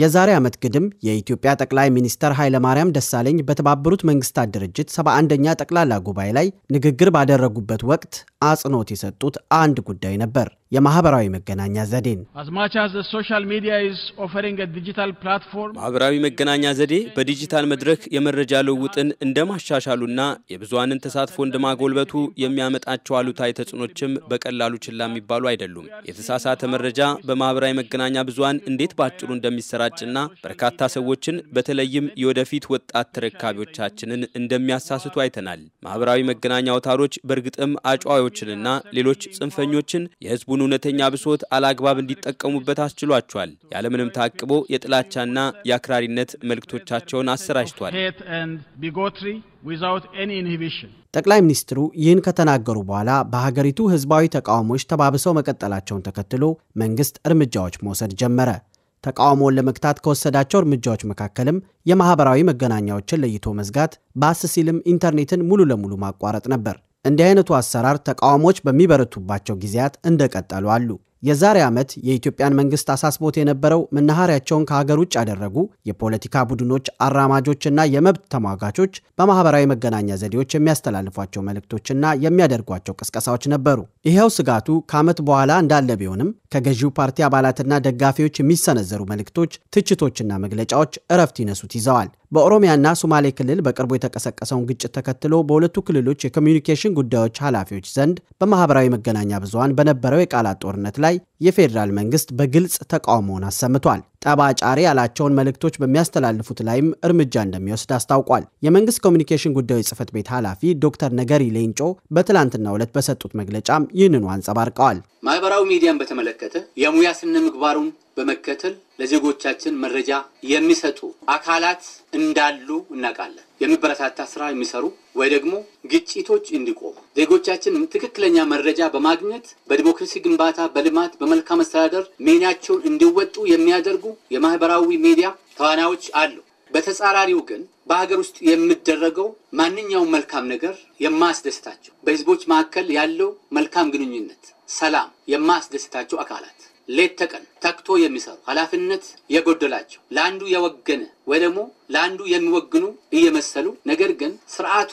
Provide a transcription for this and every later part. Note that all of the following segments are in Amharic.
የዛሬ ዓመት ግድም የኢትዮጵያ ጠቅላይ ሚኒስተር ኃይለማርያም ደሳለኝ በተባበሩት መንግስታት ድርጅት 71ኛ ጠቅላላ ጉባኤ ላይ ንግግር ባደረጉበት ወቅት አጽንኦት የሰጡት አንድ ጉዳይ ነበር። የማህበራዊ መገናኛ ዘዴን ማህበራዊ መገናኛ ዘዴ በዲጂታል መድረክ የመረጃ ልውውጥን እንደማሻሻሉና የብዙሃንን ተሳትፎ እንደማጎልበቱ የሚያመጣቸው አሉታዊ ተጽዕኖችም በቀላሉ ችላ የሚባሉ አይደሉም። የተሳሳተ መረጃ በማህበራዊ መገናኛ ብዙሃን እንዴት በአጭሩ እንደሚሰራጭና በርካታ ሰዎችን በተለይም የወደፊት ወጣት ተረካቢዎቻችንን እንደሚያሳስቱ አይተናል። ማህበራዊ መገናኛ አውታሮች በእርግጥም አጫዋዮችንና ሌሎች ጽንፈኞችን የህዝቡ እውነተኛ ብሶት አላግባብ እንዲጠቀሙበት አስችሏቸዋል። ያለምንም ታቅቦ የጥላቻና የአክራሪነት መልእክቶቻቸውን አሰራጅቷል። ጠቅላይ ሚኒስትሩ ይህን ከተናገሩ በኋላ በሀገሪቱ ህዝባዊ ተቃውሞዎች ተባብሰው መቀጠላቸውን ተከትሎ መንግስት እርምጃዎች መውሰድ ጀመረ። ተቃውሞውን ለመግታት ከወሰዳቸው እርምጃዎች መካከልም የማህበራዊ መገናኛዎችን ለይቶ መዝጋት፣ ባስ ሲልም ኢንተርኔትን ሙሉ ለሙሉ ማቋረጥ ነበር። እንዲህ አይነቱ አሰራር ተቃዋሞች በሚበረቱባቸው ጊዜያት እንደቀጠሉ አሉ። የዛሬ ዓመት የኢትዮጵያን መንግሥት አሳስቦት የነበረው መናኸሪያቸውን ከሀገር ውጭ ያደረጉ የፖለቲካ ቡድኖች አራማጆችና የመብት ተሟጋቾች በማኅበራዊ መገናኛ ዘዴዎች የሚያስተላልፏቸው መልእክቶችና የሚያደርጓቸው ቅስቀሳዎች ነበሩ። ይኸው ስጋቱ ከዓመት በኋላ እንዳለ ቢሆንም ከገዢው ፓርቲ አባላትና ደጋፊዎች የሚሰነዘሩ መልእክቶች፣ ትችቶችና መግለጫዎች እረፍት ይነሱት ይዘዋል። በኦሮሚያና ሶማሌ ክልል በቅርቡ የተቀሰቀሰውን ግጭት ተከትሎ በሁለቱ ክልሎች የኮሚዩኒኬሽን ጉዳዮች ኃላፊዎች ዘንድ በማህበራዊ መገናኛ ብዙሀን በነበረው የቃላት ጦርነት ላይ የፌዴራል መንግስት በግልጽ ተቃውሞውን አሰምቷል። ጠብ ያላቸውን መልእክቶች በሚያስተላልፉት ላይም እርምጃ እንደሚወስድ አስታውቋል። የመንግስት ኮሚኒኬሽን ጉዳዮች ጽህፈት ቤት ኃላፊ ዶክተር ነገሪ ሌንጮ በትላንትናው ዕለት በሰጡት መግለጫም ይህንኑ አንጸባርቀዋል። ማህበራዊ ሚዲያን በተመለከተ የሙያ ስነ ምግባሩን በመከተል ለዜጎቻችን መረጃ የሚሰጡ አካላት እንዳሉ እናውቃለን። የሚበረታታ ስራ የሚሰሩ ወይ ደግሞ ግጭቶች እንዲቆሙ ዜጎቻችን ትክክለኛ መረጃ በማግኘት በዲሞክራሲ ግንባታ፣ በልማት፣ በመልካም አስተዳደር ሚናቸውን እንዲወጡ የሚያደርጉ የማህበራዊ ሚዲያ ተዋናዮች አሉ። በተጻራሪው ግን በሀገር ውስጥ የሚደረገው ማንኛውም መልካም ነገር የማያስደስታቸው በህዝቦች መካከል ያለው መልካም ግንኙነት ሰላም የማያስደስታቸው አካላት ሌት ተቀን ተክቶ የሚሰሩ ኃላፊነት የጎደላቸው ለአንዱ የወገነ ወይ ደግሞ ለአንዱ የሚወግኑ እየመሰሉ ነገር ግን ስርዓቱ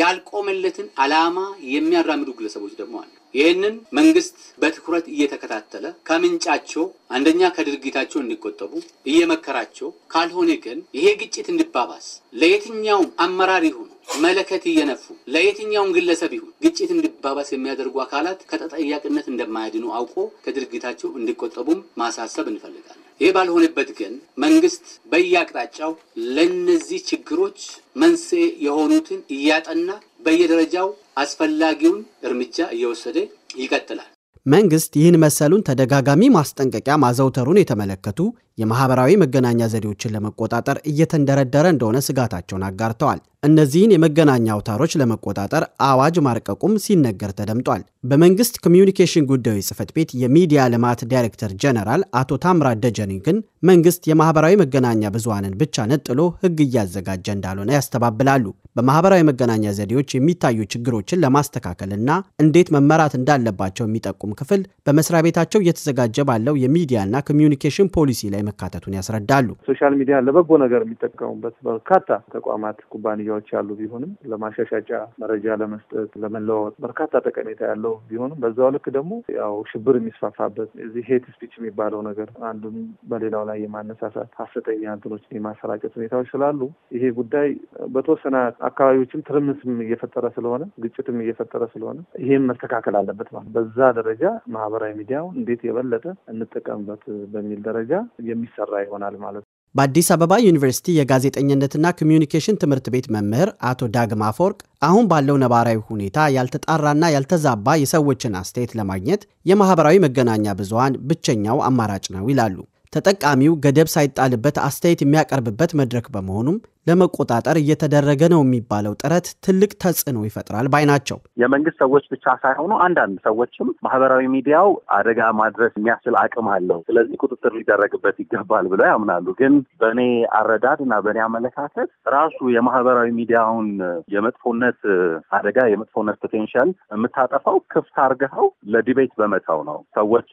ያልቆመለትን አላማ የሚያራምዱ ግለሰቦች ደግሞ አሉ። ይህንን መንግስት በትኩረት እየተከታተለ ከምንጫቸው አንደኛ ከድርጊታቸው እንዲቆጠቡ እየመከራቸው፣ ካልሆነ ግን ይሄ ግጭት እንዲባባስ ለየትኛውም አመራር ይሁኑ መለከት እየነፉ ለየትኛውም ግለሰብ ይሁን ግጭት እንዲባባስ የሚያደርጉ አካላት ከተጠያቂነት እንደማያድኑ አውቆ ከድርጊታቸው እንዲቆጠቡም ማሳሰብ እንፈልጋለን። ይህ ባልሆነበት ግን መንግስት በየአቅጣጫው ለነዚህ ችግሮች መንስኤ የሆኑትን እያጠና በየደረጃው አስፈላጊውን እርምጃ እየወሰደ ይቀጥላል። መንግስት ይህን መሰሉን ተደጋጋሚ ማስጠንቀቂያ ማዘውተሩን የተመለከቱ የማህበራዊ መገናኛ ዘዴዎችን ለመቆጣጠር እየተንደረደረ እንደሆነ ስጋታቸውን አጋርተዋል። እነዚህን የመገናኛ አውታሮች ለመቆጣጠር አዋጅ ማርቀቁም ሲነገር ተደምጧል። በመንግስት ኮሚዩኒኬሽን ጉዳዮች ጽህፈት ቤት የሚዲያ ልማት ዳይሬክተር ጀነራል አቶ ታምራት ደጀኔ ግን መንግስት የማህበራዊ መገናኛ ብዙሃንን ብቻ ነጥሎ ህግ እያዘጋጀ እንዳልሆነ ያስተባብላሉ። በማህበራዊ መገናኛ ዘዴዎች የሚታዩ ችግሮችን ለማስተካከልና እንዴት መመራት እንዳለባቸው የሚጠቁም ክፍል በመስሪያ ቤታቸው እየተዘጋጀ ባለው የሚዲያና ኮሚዩኒኬሽን ፖሊሲ ላይ መካተቱን ያስረዳሉ። ሶሻል ሚዲያ ለበጎ ነገር የሚጠቀሙበት በርካታ ተቋማት፣ ኩባንያ መረጃዎች ያሉ ቢሆንም ለማሻሻጫ መረጃ ለመስጠት ለመለዋወጥ በርካታ ጠቀሜታ ያለው ቢሆንም በዛው ልክ ደግሞ ያው ሽብር የሚስፋፋበት እዚህ ሄት ስፒች የሚባለው ነገር አንዱን በሌላው ላይ የማነሳሳት ሀሰተኛ እንትኖች የማሰራጨት ሁኔታዎች ስላሉ ይሄ ጉዳይ በተወሰነ አካባቢዎችም ትርምስም እየፈጠረ ስለሆነ ግጭትም እየፈጠረ ስለሆነ ይሄም መስተካከል አለበት ማለት በዛ ደረጃ ማህበራዊ ሚዲያው እንዴት የበለጠ እንጠቀምበት በሚል ደረጃ የሚሰራ ይሆናል ማለት ነው። በአዲስ አበባ ዩኒቨርሲቲ የጋዜጠኝነትና ኮሚዩኒኬሽን ትምህርት ቤት መምህር አቶ ዳግማ አፈወርቅ አሁን ባለው ነባራዊ ሁኔታ ያልተጣራና ያልተዛባ የሰዎችን አስተያየት ለማግኘት የማህበራዊ መገናኛ ብዙሃን ብቸኛው አማራጭ ነው ይላሉ። ተጠቃሚው ገደብ ሳይጣልበት አስተያየት የሚያቀርብበት መድረክ በመሆኑም ለመቆጣጠር እየተደረገ ነው የሚባለው ጥረት ትልቅ ተጽዕኖ ይፈጥራል ባይ ናቸው። የመንግስት ሰዎች ብቻ ሳይሆኑ አንዳንድ ሰዎችም ማህበራዊ ሚዲያው አደጋ ማድረስ የሚያስችል አቅም አለው፣ ስለዚህ ቁጥጥር ሊደረግበት ይገባል ብለው ያምናሉ። ግን በእኔ አረዳድ እና በእኔ አመለካከት ራሱ የማህበራዊ ሚዲያውን የመጥፎነት አደጋ የመጥፎነት ፖቴንሻል የምታጠፋው ክፍት አርገኸው ለዲቤት በመተው ነው። ሰዎች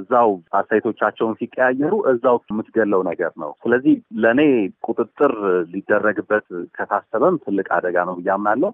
እዛው አስተያየቶቻቸውን ሲቀያየሩ እዛው የምትገለው ነገር ነው። ስለዚህ ለእኔ ቁጥጥር ሊደረግበት ከታሰበም ትልቅ አደጋ ነው ብዬ አምናለሁ።